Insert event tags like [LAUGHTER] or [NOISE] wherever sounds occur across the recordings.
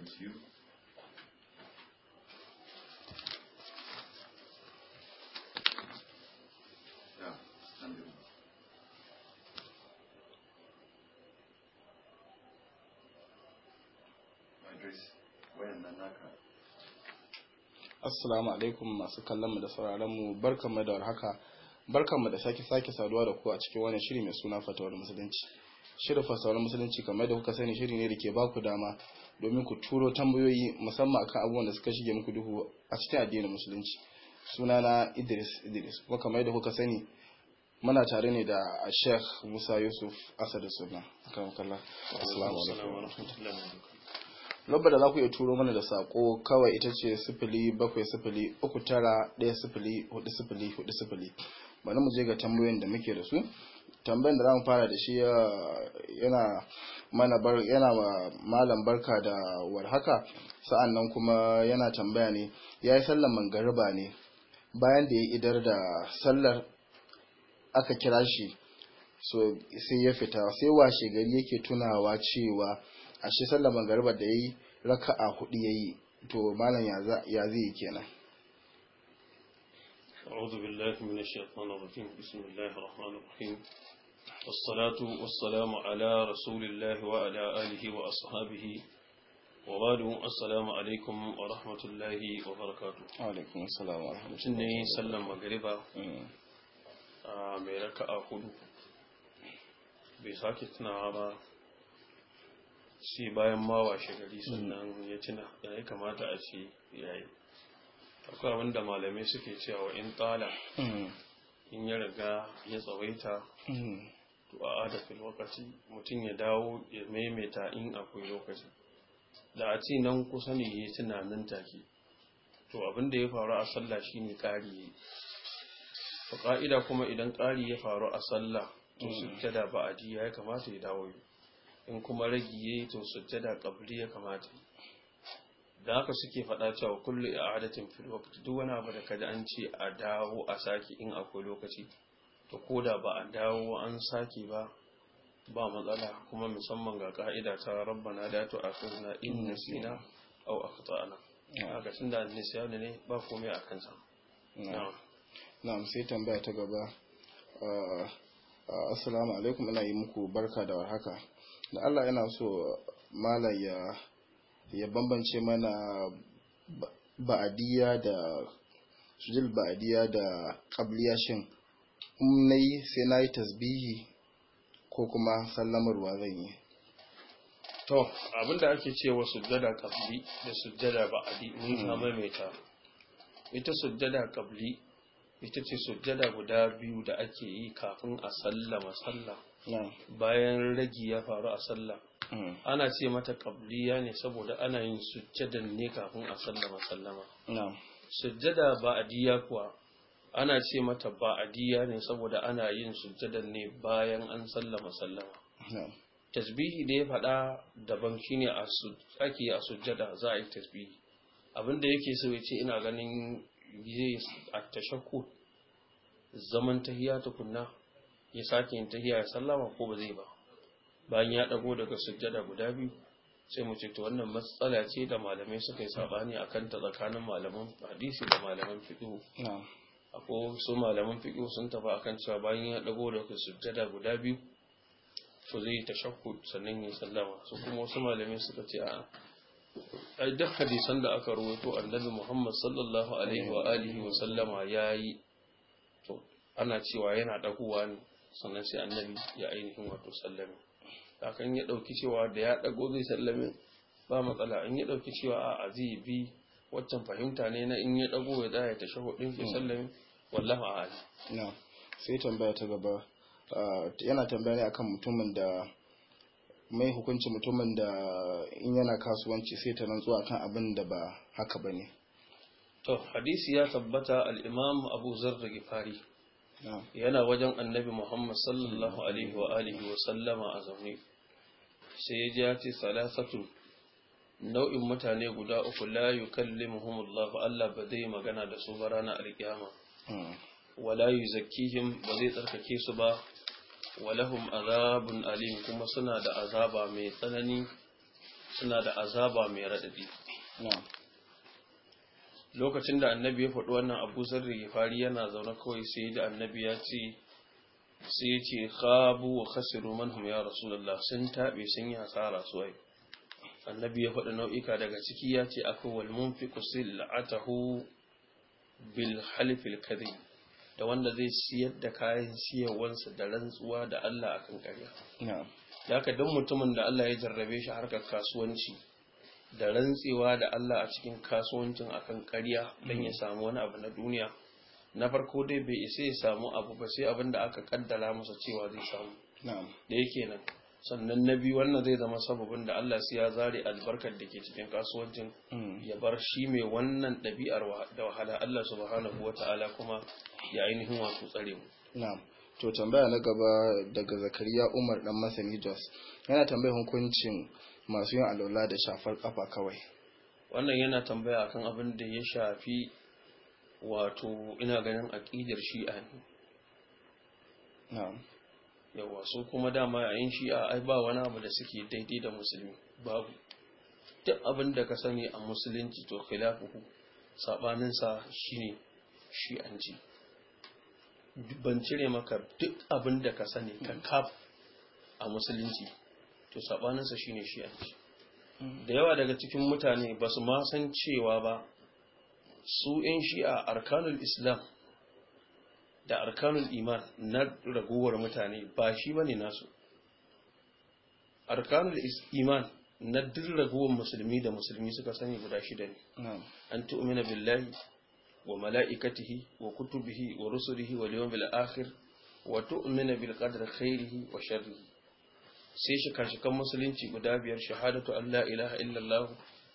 with Assalamu alaikum masu kallon mu da sauraron mu barkanmu da warhaka. Barkanmu da sake sake saduwa da ku a cikin wani shiri mai suna fatawar musulunci. shirin fasawar musulunci kamar da kuka sani shiri ne da ke baku dama domin ku turo tambayoyi musamman akan abubuwan da suka shige muku duhu a cikin addinin musulunci sunana Idris Idris ko kamar yadda kuka sani muna tare ne da Sheikh Musa Yusuf Asad suna akan kalla assalamu alaikum da za ku iya turo mana da sako kawai ita ce bakwai uku tara sifili bari mu je ga tambayoyin da muke da su tambayan da zamu fara da shi yana mana bar yana malam barka da warhaka sa'annan kuma yana tambaya ne ya yi sallar mangariba ne bayan da ya idar da sallar aka kira shi so sai ya fita sai washe gari yake tunawa cewa a shi sallar mangariba da ya yayi raka'a hudu ya yi to malam ya zai yi kenan أعوذ بالله من الشيطان الرجيم بسم الله الرحمن الرحيم والصلاة والسلام على رسول الله وعلى آله وأصحابه وبعد السلام عليكم ورحمة الله وبركاته وعليكم السلام ورحمة الله إني سلم مغربا ميركا أخذ بساكتنا عبا sai bayan ma washe gari sannan ya tuna ya kamata a ce yayi akwai wanda malamai suke cewa in tsala hmm. in ya riga ya tsawaita hmm. to a adafin lokaci mutum ya dawo ya maimaita in akwai lokaci da a ce nan kusa ne ya tuna nan take to abin da ya faru a sallah shine ƙari to ƙa'ida kuma idan ƙari ya faru a sallah to hmm. sujjada ba a ji ya kamata ya dawo in kuma ragi to to sujjada ƙabri ya kamata yi da haka suke faɗa cewa kullu i'adatin fil waqt duk wani abu da kada an ce a dawo a saki in akwai lokaci to koda ba a dawo an saki ba ba matsala kuma musamman ga ka'ida ta rabbana to tu'akhidna in nasina aw akhtana haka tunda nisyani ne ba komai a kansa na'am sai tambaya ta gaba ah, ah, assalamu alaikum ina yi muku barka da warhaka da Allah yana so malaya ya bambance mana ba'adiyya da sujil ba'adiyya da qabliya shin in sai na yi tasbihi ko kuma sallamarwa zan yi to abinda ake cewa sujjada qabli da sujjada ba'adi mun ta hmm. maimaita ita sujjada qabli ita ce sujjada guda biyu da ake yi kafin a sallama sallah bayan ragi ya faru a sallah Hmm. ana ce mata qabliya ne saboda ana yin sujjadan ne kafin a sallama sallama sujjada ba'adiyya kuwa ana ce mata ba'adiyya ne saboda ana yin sujjadan ne bayan an sallama sallama tasbihi da ya faɗa daban shine ne ake a sujjada za a yi tasbihi abinda yake so ya ce ina ganin zai a tashakku zaman tahiya tukunna ya sake yin tahiya ya sallama ko ba zai ba bayan ya ɗago daga sujjada guda biyu sai mu ce to wannan matsala ce da malamai suka yi sabani a kanta tsakanin malaman hadisi da malaman fiɗo. akwai su malaman fiƙo sun tafi akan cewa bayan ya ɗago daga sujjada guda biyu to zai yi tashakku sannan ya sallama su kuma wasu malamai suka ce a ai duk hadisan da aka rawaito annabi Muhammad sallallahu alaihi wa alihi wa sallama yayi to ana cewa yana dagowa ne sannan sai annabi ya ainihin wato sallama kan ya ɗauki cewa da ya ɗago zai sallame ba matsala in ya ɗauki cewa a zai bi waccan fahimta ne na in ya ɗago ya tsaya ta shaho ɗin fi sallame wallafa a hali. na sai tambaya ta gaba yana tambaya ne akan mutumin da mai hukunci mutumin da in yana kasuwanci sai ta rantsuwa kan abin da ba haka ba ne. to hadisi ya tabbata al'imam abu zarra gifari yana wajen annabi muhammad sallallahu alaihi wa alihi wa sallama a zaune sai ya ji ya ce salasatu nau'in mutane guda uku la yukallimuhum Allah Allah ba zai magana da su ba ranar alkiyama hmm. wala yuzakkihim ba zai tsarkake su ba walahum azabun alim kuma suna da azaba mai tsanani suna da azaba mai raɗaɗi. Hmm. lokacin da annabi ya faɗi wannan abu zarri fari yana zaune kawai sai da annabi ya ce sai ce khabu wa khasiru manhum ya rasulullah sun tabe sun yi hasara suwai annabi ya faɗi nau'ika daga ciki ya ce akwai wal munfiqu sil'atahu bil halifil kadhib da wanda zai siyar da kayan siyarwarsa da rantsuwa da Allah akan ƙarya na'am da haka duk mutumin da Allah ya jarrabe shi harkar kasuwanci da rantsewa da Allah a cikin kasuwancin akan ƙarya don ya samu wani abu na duniya na farko dai bai isa ya samu abu ba sai abin da aka kaddara masa cewa zai samu da yake nan sannan na biyu wannan zai zama sababin da Allah sai ya zare albarkar da ke cikin kasuwancin hmm. ya bar shi mai wannan ɗabi'ar da wahala Allah subhanahu ta'ala kuma ya ainihin wasu tsare mu to tambaya na gaba daga Zakariya Umar dan Masani Jos yana tambayar hukuncin masu yin alwala da shafar kafa kawai wannan yana tambaya akan abin da ya shafi wato ina ganin aƙidar shi'a ne yawa su kuma dama yayin shi'a ai ba wani abu da suke daidai da musulmi babu duk abin da ka sani a musulunci to khilafuhu sabaninsa shine shi'anci ban cire maka duk abin da ka sani ka kaf a musulunci to sabaninsa shine shi'anci hmm. da yawa daga cikin mutane ba su ma san cewa ba su 'yan shi'a arkanul islam da arkanul iman na ragowar mutane ba shi ba ne nasu arkanul iman na duk musulmi da musulmi suka sani guda shida ne an tu'mina billahi wa mala'ikatihi wa kutubihi wa rusulihi wa liyawmil akhir wa tu'mina bil qadri khairihi wa sharrihi sai shika kan musulunci guda biyar shahadatu an la ilaha illallah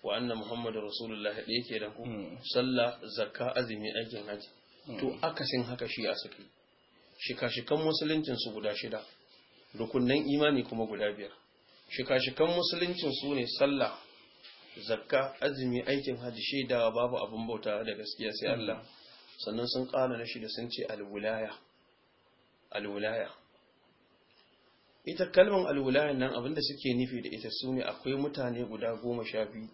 wa anna muhammadu rasulullahi ɗaya ke da ku hmm. sallah zakka azumi aikin haji hmm. to akasin haka shi a suke shika-shikan musuluncin su guda shida rukunnan imani kuma guda biyar shika-shikan musuluncin su ne sallah zakka azumi aikin haji da babu abin bauta da gaskiya sai hmm. Allah sannan sun ƙara na shida sun ce alwulaya alwulaya ita kalmar alwulaya nan abinda suke nufi da ita sune akwai mutane guda goma sha biyu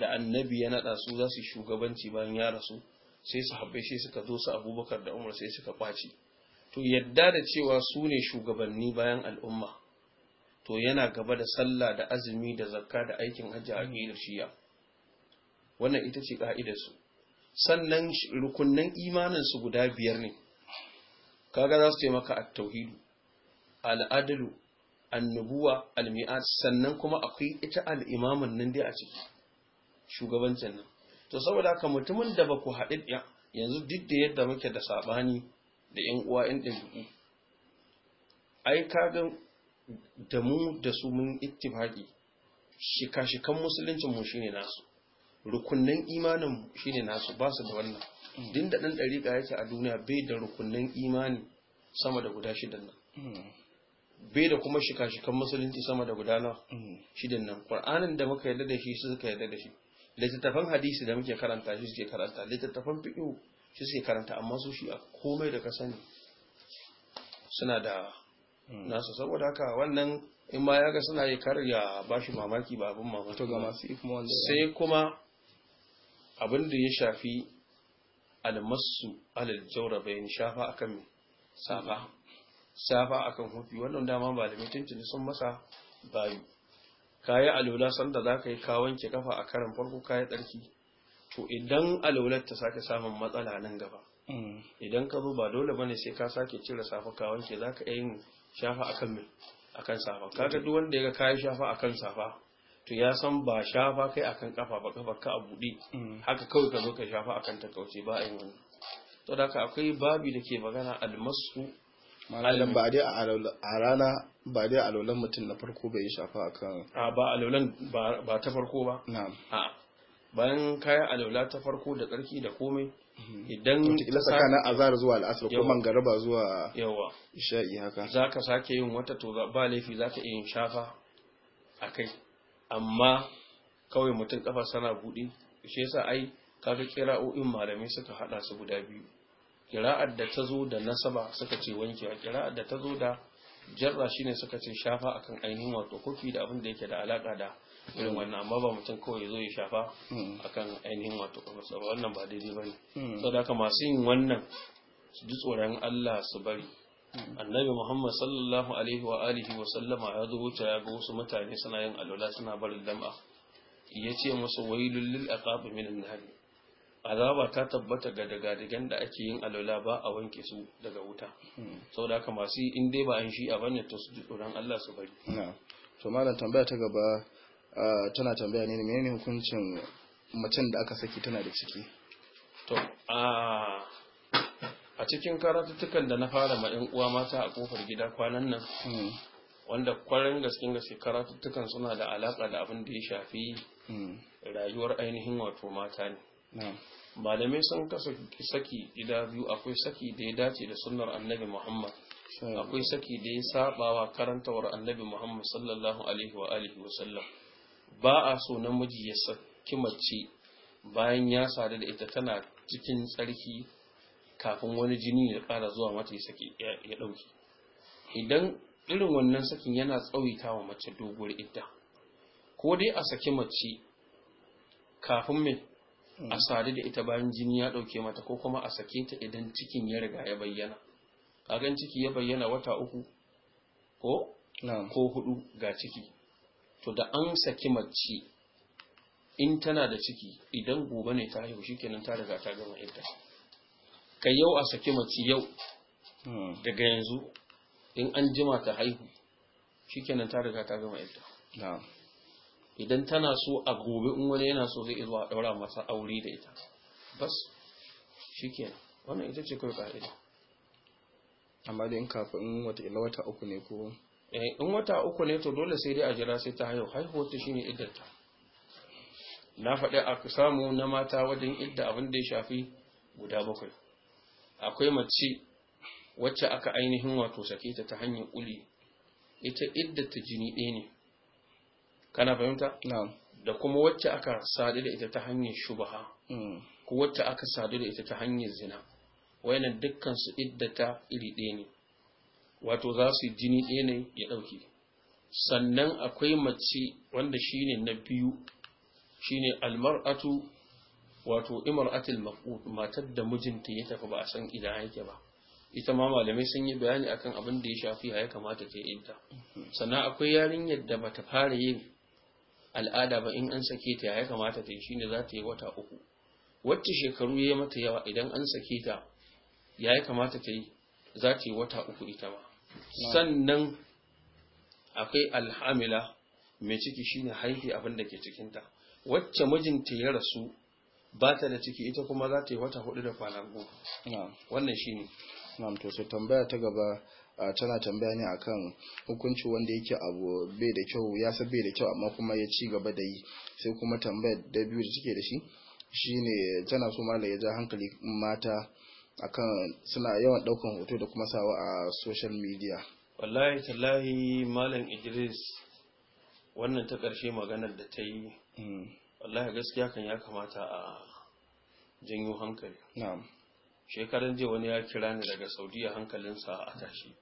da annabi ya naɗa su za su shugabanci bayan ya rasu sai su haɓe sai suka zo su abubakar da umar sai suka ɓaci to yadda da cewa su ne shugabanni bayan al'umma to yana gaba da sallah da azumi da zakka da aikin hajji a gina shiya wannan ita ce ƙa'idarsu sannan rukunnan imaninsu guda biyar ne kaga za su taimaka a tauhidu al'adalu annubuwa almi'ad sannan kuma akwai ita al'imaman nan dai a ciki shugabancin nan to saboda haka mutumin da ba ku haɗi yanzu duk da yadda muke da saɓani da ƴan uwa ‘yan ɗin ai kaga da mu da su mun ittifaki shika-shikan musuluncin mu shine nasu rukunnan imanin mu shine nasu ba su da wannan din da dan ɗariƙa yake a duniya bai da rukunnan imani sama da guda shidan nan bai da kuma shika-shikan musulunci sama da guda na mm. shidan nan qur'anin da muka yarda da shi suka yarda da shi littattafan hadisi da muke karanta shi suke karanta littattafan fiƙo shi suke karanta amma su shi a komai da ka sani suna da hmm. nasu saboda haka wannan in ma ya ga suna yi kar ya ba shi mamaki ba abin mamaki ga masu ikon wanda sai kuma abin da ya shafi almasu alal jaura bayan shafa akan safa safa akan hufi wannan dama ba da mutuncin sun masa bayu Kayi alula sanda za ka yi kawon wanke kafa a karan farko kayi yi tsarki to idan alular ta sake samun matsala nan gaba mm. idan ka zo ba dole bane ne sai ka sake cire safa kawon wanke za ka yin shafa akan mai akan safa kaga duk wanda ya kayi shafa akan safa to ya san ba shafa kai akan kafa ba kafa ka a buɗe mm. haka kawai ka zo ka shafa akan ta kauce ba a yin wani to da ka akwai babi da ke magana almasu malam ba dai a rana ba dai alaulan mutum na farko bai shafa akan a ba alaulan ba ta farko ba na a bayan kayan alaula ta farko da tsarki da komai mhm. idan ila tsakanin azhar zuwa al'asar ko ba zuwa yawa isha'i haka ka sake yin wata to ba laifi za iya yin shafa a kai. amma kawai mutum kafa sana buɗe shi yasa ai kaga kira'o'in malamai suka hada su guda biyu kira'ar da ta zo da nasaba suka ce wankewa kira'ar da ta zo da jarra shine suka ce shafa akan ainihin wato kofi da abin da yake da alaka da irin hmm. wannan amma ba mutum kawai ya zo ya shafa hmm. akan ainihin wato kofi wannan ba daidai bane hmm. saboda haka masu yin wannan su ji tsoron Allah su bari annabi Muhammad sallallahu alaihi wa alihi wa sallama ya zo wuce ya ga wasu mutane suna yin alwala suna barin dama yace ce musu wailul lil aqab minan nahari azaba ta tabbata ga dagadagen da ake yin alola ba a wanke su daga wuta hmm. sau da masu in dai ba an shi a bane ta su ji tsoron Allah su bari to malam tambaya ta gaba tana tambaya ne ne hukuncin macen da aka saki tana da ciki to a cikin karatuttukan da na fara ma'in uwa mata a kofar gida kwanan nan hmm. wanda kwarin gaskin gaske karatuttukan suna da alaka da abin da ya shafi hmm. rayuwar ainihin wato mata ne malamai sun kasa saki gida biyu akwai saki da ya dace da sunnar annabi muhammad akwai saki da ya wa karantawar annabi muhammad sallallahu alaihi wa alihi wa sallam ba a so namiji ya saki mace bayan ya sadu da ita tana cikin tsarki kafin wani jini ya ƙara zuwa mata ya saki ya dauki idan irin wannan sakin yana tsawi wa mace doguwar ita, ko dai a saki mace kafin mai Hmm. a sadu da ita bayan jini ya ɗauke mata ko kuma a sake ta idan cikin ya riga ya bayyana kagan ciki ya bayyana wata uku ko ko hudu ga ciki to da an saki mace in tana da ciki idan gobe ne ta haihu shikenan ta riga ta gama idda kai yau a saki mace yau hmm. daga yanzu in an jima ta haihu shikenan ta riga ta gama idda idan tana so a gobe in wani yana so zai zuwa daura masa aure da ita bas shikenan wannan ita ce kawai ka'ida amma da in in wata ila wata uku ne ko eh, in wata uku ne to dole sai dai a jira sai ta haihu haihuwar ta shine iddata na faɗi a samu na mata wajen idda abin da ya shafi guda bakwai akwai mace wacce aka ainihin wato sake ta ta hanyar kuli ita idda ta jini ɗaya ne kana fahimta da kuma wacce aka sadu da ita ta hanyar shubaha mm. ko wacce aka sadu da ita ta hanyar zina wayannan dukkan su iddata iri ɗaya ne wato za su jini ɗaya ne ya ɗauki sannan akwai mace wanda shine na biyu shine almar'atu wato imar'atul maf'ud matar da mijinta ya tafi ba a san idan yake ba ita ma malamai sun yi bayani akan abin da ya shafi ya kamata ta yi idda mm-hmm. sannan akwai yarinyar da bata fara yin al'ada ba in an sake ta ya kamata ta yi shi ne za ta yi wata uku wacce shekaru ya yi mata yawa idan an sake ta ya kamata ta yi za ta yi wata uku ita ba sannan akwai alhamila mai ciki shi ne haifi abin da ke cikinta wacce mijinta ya rasu ba ta da ciki ita kuma za ta yi wata hudu da kwanan goma wannan shi ne. tambaya ta gaba tana tambaya ne akan hukunci wanda yake abu bai da kyau ya san bai da kyau amma kuma ya ci gaba da yi sai kuma tambayar da biyu da take da shi shine tana so mallam ya ja hankali mata akan suna yawan daukan hoto da kuma sawa a social media wallahi tallahi malam Idris wannan ta karshe maganar da ta yi hmm. wallahi gaskiya kan ya kamata a janyo hankali shekaran jiya wani ya kira ni daga saudiya hankalinsa a tashi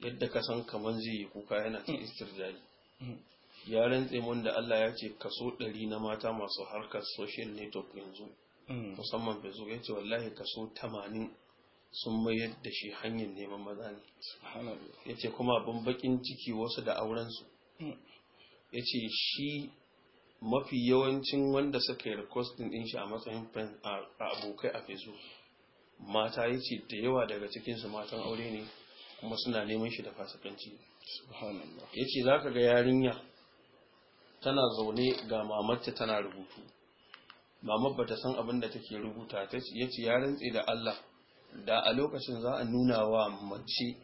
yadda ka san kamar zai yi kuka yana ta hmm. istirjali hmm. ya rantse mun da Allah ya ce kaso ɗari na mata masu harkar social network yanzu hmm. musamman facebook ya ce wallahi kaso tamanin sun mayar da shi hanyar neman maza ne ya ce kuma abin bakin ciki wasu da aurensu ya ce shi mafi yawancin wanda suka yi rikostin din shi a matsayin abokai a facebook mata ya ce da yawa daga cikinsu matan aure ne kuma suna neman shi da fasikanci ya ce za ka ga yarinya tana zaune ga mamatta tana rubutu mamat ba ta san abin da take rubuta ta ya ce ya rantse da allah da a lokacin za a nuna wa mace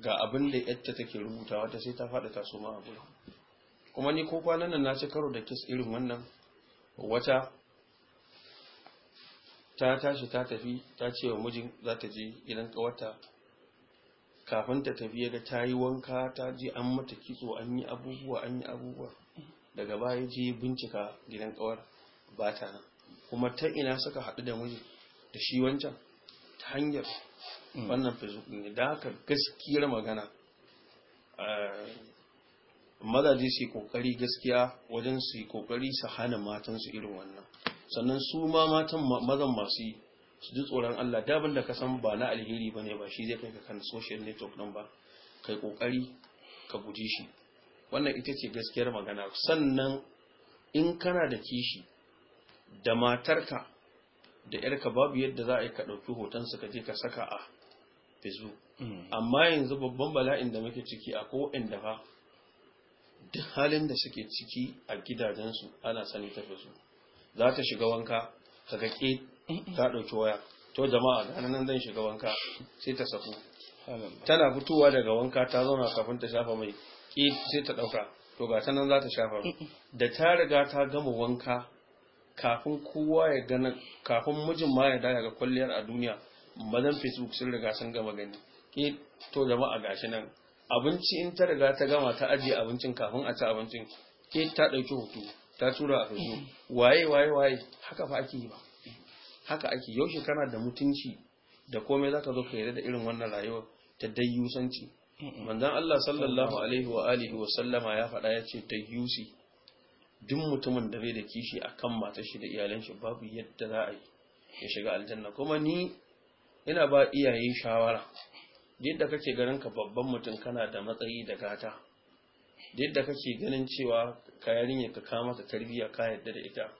ga abin da yadda take rubuta wata sai ta faɗi ta ma abu kuma ni ko kwanan nan na ci karo da kes irin wannan wata ta tashi ta tafi ta ce wa mijin za ta je gidan kawarta kafin ta tafi ga ta yi wanka ta je an mata kitso an yi abubuwa an yi abubuwa daga baya je bincika gidan ƙawar ba ta nan kuma ta ina suka haɗu da mijin, da shi wancan ta hanyar mm. wannan facebook ne da haka gaskiyar magana eh, mazaje su yi kokari gaskiya wajen su yi kokari su hana matan su irin wannan sannan su ma matan mazan masu su ji tsoron Allah dabin da ka san ba na alheri ba ne ba shi zai kai ka kan social network nan ba kai kokari ka guji shi wannan ita ce gaskiyar magana sannan in kana da kishi da matarka da yarka babu yadda za a yi ka ɗauki hoton su ka je ka saka a facebook mm. amma yanzu babban bala'in da muke ciki a ko inda ba duk halin da suke ciki a gidajensu ana sani tafi su za ta shiga wanka ka ga ke ta ɗauki waya to jama'a da nan zan shiga wanka sai ta saku tana fitowa daga wanka ta zauna kafin ta shafa mai ke sai ta ɗauka to ga ta nan za ta shafa da ta riga ta gama wanka kafin kowa ya gana kafin mijin ma ya daya ga kwalliyar a duniya mazan facebook sun riga sun gama gani ke to jama'a gashi nan abinci in ta riga ta gama ta ajiye abincin kafin a ci abincin ke ta ɗauki hoto ta tura a facebook waye waye waye haka fa ake yi ba haka ake yaushe kana da mutunci da komai zaka zo ka yarda da irin wannan rayuwa ta dayyusanci manzon Allah sallallahu alaihi wa alihi wa sallama ya faɗa ya ce dayyusi duk mutumin da bai da kishi akan matar shi da iyalan shi babu yadda za a yi ya shiga aljanna kuma ni ina ba iyaye shawara yadda kake ganin ka babban mutum kana da matsayi da gata yadda kake ganin cewa ka yarinya ka kama ta tarbiyya ka yadda da ita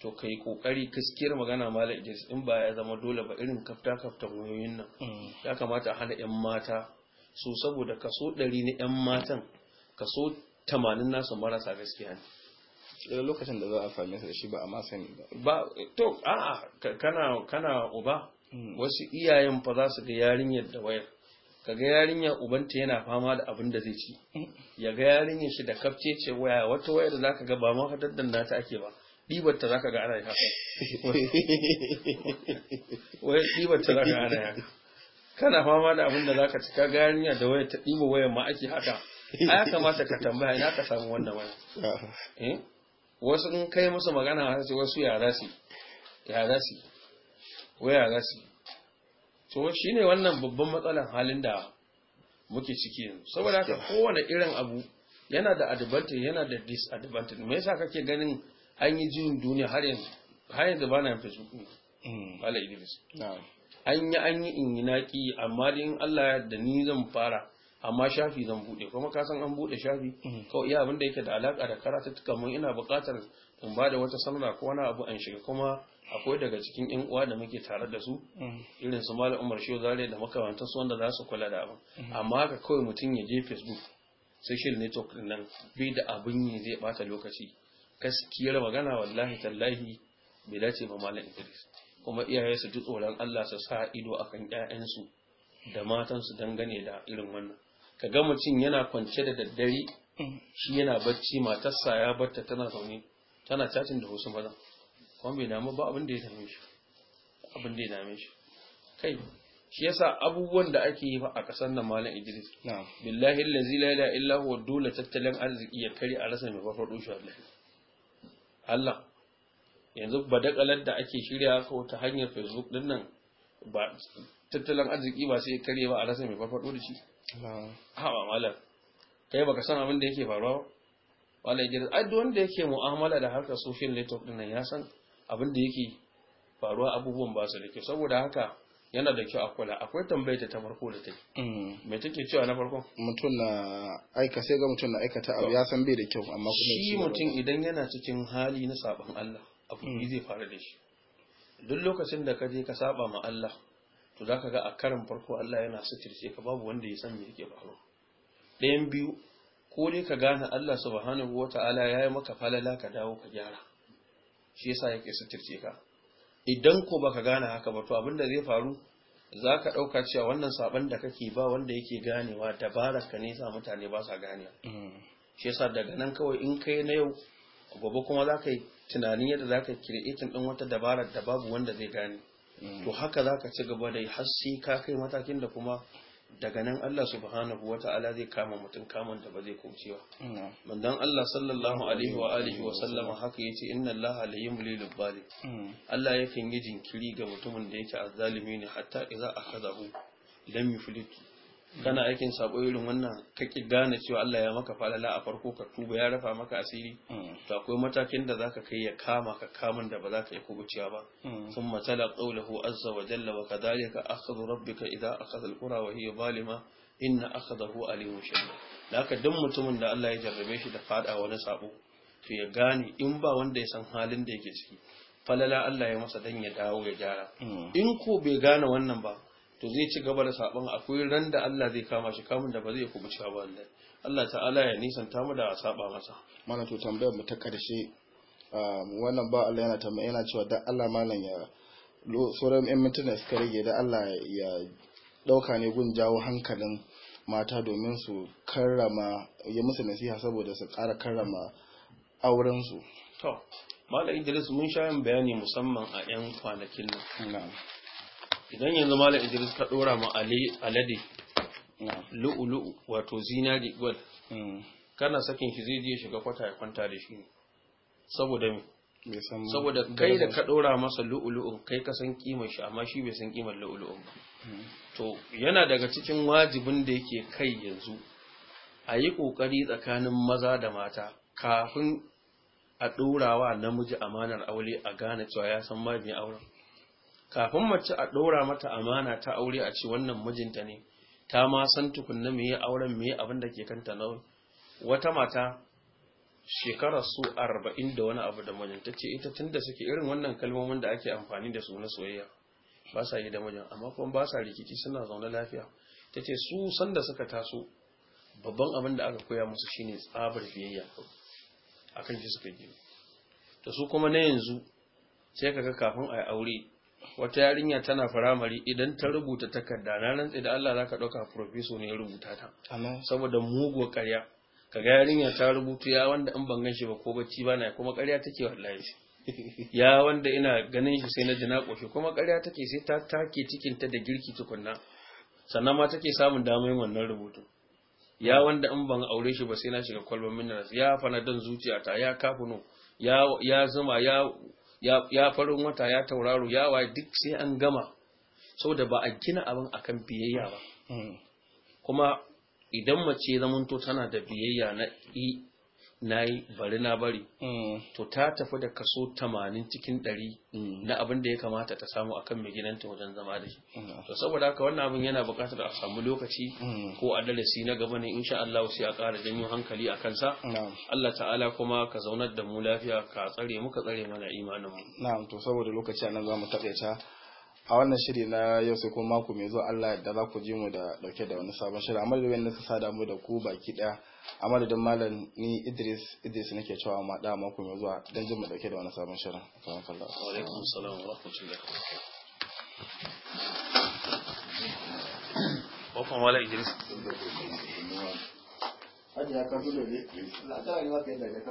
to kai kokari gaskiyar magana malam Idris in ba ya zama dole ba irin kafta kaftan wayoyin nan hmm. ya kamata a hana yan mata so saboda kaso 100 na yan matan kaso tamanin nasu marasa gaskiya ne da eh, lokacin da za a same da shi ba a ma sani ba ba to a'a kana kana uba hmm. wasu iyayen fa za su ga yarinyar da wayar Ka ga yarinya ubanta yana fama da abin da zai ci ya ga yarinyar shi da kafce ce waya wata waya da zaka ga ba ma fadar da nata ake ba ɗibar ta zaka ga ana yaka. wai ɗibar ta zaka ana yaka. kana fama da abin da zaka ci ga yarinya da waya ta ɗiba wayar ma ake haka ai kamata ka tambaya ina ka samu wannan waya eh wasu in kai musu magana wasu yara su yara su waya za su to shi ne wannan babban matsalar halin da muke ciki yanzu saboda haka kowane irin abu yana da advantage yana da disadvantage me yasa kake ganin an yi jin duniya har yanzu har yanzu ba na yin facebook mm. ala idris an yi an yi in yi naki amma in allah da ni zan fara amma shafi zan buɗe kuma ka san an buɗe shafi mm. kawai iya abin da yake da alaka da karatu mun ina buƙatar in ba da wata sanarwa ko wani abu an shiga kuma akwai daga cikin yan uwa da muke tare da su mm-hmm. irin su malam umar shehu zare da makarantar su wanda za su kula da abin mm-hmm. amma haka kawai mutum ya je facebook social network din nan bai da abin yi zai bata lokaci gaskiyar magana wallahi tallahi bai dace ba malam idris kuma iyaye su ji tsoron Allah su sa ido akan 'ya'yansu da matansu dangane da irin wannan ka ga mutum yana kwance da daddare mm-hmm. shi yana bacci matarsa ya barta tana zaune tana chatting da wasu mazan kuma bai damu ba abin da ya same shi abin da ya dame shi kai shi yasa abubuwan da ake yi ba a kasar nan malam Idris billahi allazi la ilaha illa huwa dole tattalin arziki ya kare a rasa mai farfado shi Allah Allah yanzu badakalar da ake shirya ko ta hanyar Facebook din nan ba tattalin arziki ba sai ya kare ba a rasa mai farfado da shi ha ba malam kai baka san abin da yake faruwa ba malam Idris ai duk wanda yake mu'amala da harkar social network din nan ya san abin da yake faruwa abubuwan ba su da kyau saboda haka yana da kyau a kula akwai tambayar ta farko da take mm. me take cewa na farko mutum na aika sai ga mutum na aikata abu ya san bai da kyau amma kuma shi mutum idan yana cikin hali na saban Allah abu mm. zai fara da shi duk lokacin da ka je ka saba ma Allah to zaka ga a karin farko Allah yana sutirce ka babu wanda ya san me yake faru ɗayan biyu ko dai ka gane Allah subhanahu wata'ala ya yi maka falala ka dawo ka gyara shi yasa yake suturce ka idan ko baka gane haka ba to abin da zai faru zaka ka ɗauka cewa wannan saban da kake ba wanda yake ganewa dabarar ka nesa mutane ba sa ganewa mm. shi yasa daga nan kawai in kai na yau gobe kuma zaka yi tunanin yadda zaka ka din ɗin wata dabarar da babu wanda zai gane mm. to haka zaka ci gaba da har sai ka kai matakin da kuma daga nan Allah subhanahu wa ta'ala zai kama mutum kaman da ba zai ba mm. mandan Allah sallallahu alaihi wa alihi wa sallama haka ce, inna Allah la yumli lil mm. Allah yakan yi jinkiri ga mutumin da yake azzalimi ne hatta idza akhadahu lam yuflitu kana aikin sabo irin wannan ka ki gane cewa Allah ya maka falala a farko ka tuba ya rafa maka asiri mm. to akwai matakin da zaka kai ya kama ka kamun da ba zaka ka yi kubuciya ba sun mm. matala qawluhu azza wa jalla wa kadhalika akhadhu rabbika idha akhadha alqura wa hiya zalima inna akhadahu alimun shadid da haka duk mutumin da Allah ya jarrabe shi da fada wani sabo to ya gane in ba wanda ya san halin da yake ciki falala Allah ya masa dan ya dawo ya gyara mm. in ko bai gane wannan ba to zai ci gaba da sabon akwai ran da Allah zai kama shi kamun da ba zai kuma ci ba Allah Allah ta'ala ya nisan ta mu da saba masa mana to tambayar mu ta karshe um, wannan ba Allah yana tambaya yana cewa da Allah malam ya sauran yan mintuna suka rage da Allah ya dauka ne gun jawo hankalin mata domin su karrama ya musu nasiha saboda su ƙara karrama auren su to Malam Idris mun sha yin bayani musamman a 'yan kwanakin nan. idan yanzu malam idris ka dora ma ali alade lu'u wato zinari gold hmm. kana sakin shi zai je shiga kwata ya kwanta da shi saboda me saboda kai da ka dora masa lu'u kai ka san kimar shi amma shi bai san kimar lu'u ba hmm. to yana daga cikin wajibin da yake kai yanzu a yi ƙoƙari tsakanin maza da mata kafin a ɗorawa namiji amanar aure a gane cewa ya san ma auren kafin mace a ɗora mata amana ta aure a ce wannan mijinta ne ta ma san tukunna me auren me abin da ke kanta na wata mata shekara su arba'in da wani abu da mijin ta ce ita tunda suke irin wannan kalmomin da ake amfani da su na soyayya ba sa yi da mijin amma kuma ba sa rikici suna zaune lafiya ta ce su san da suka taso babban abin da aka koya musu shine tsabar biyayya akan shi suka yi to su kuma na yanzu sai kaga kafin a yi aure wata yarinya tana firamare idan ta rubuta takarda na rantse da Allah zaka dauka profeso ne ya rubuta ta saboda mugu ƙarya ga yarinya ta rubutu ya wanda in ban ganshi ba ko bacci ba na kuma ƙarya take wallahi [LAUGHS] ya wanda ina ganin shi sai na ji na koshi kuma ƙarya take sai ta take cikin ta da girki tukunna sannan ma take samun damar yin wannan rubutu ya wanda in ban aure shi ba sai na shiga kwalban minerals ya fana zuciya ta, ya kafuno ya ya zuma ya ya farin wata ya tauraro ya waye duk sai an gama saboda ba a gina abin akan biyayya ba hmm. kuma idan mace zamanto tana da biyayya na i na yi bari na bari mm. to ta tafi da kaso tamanin cikin ɗari mm. na abin da ya kamata ta samu akan mai gidanta wajen zama da shi mm. to saboda haka wannan abin yana buƙatar a samu lokaci ko a darasi na gaba ne insha Allah sai a ƙara janyo hankali a kansa Allah ta'ala kuma ka zaunar da mu lafiya ka tsare mu ka tsare mana imanin mu na'am to saboda lokaci a nan za mu taƙaita a wannan shiri na yau sai kuma mako mai zuwa Allah da za ku ji mu da dauke da wani sabon shiri amma da wani suka da mu da ku baki daya amma da malam ni Idris Idris nake cewa ma da mako mai zuwa dan jin mu dauke da wani sabon shiri assalamu alaikum alaikum wa rahmatullahi wa malam Idris da ta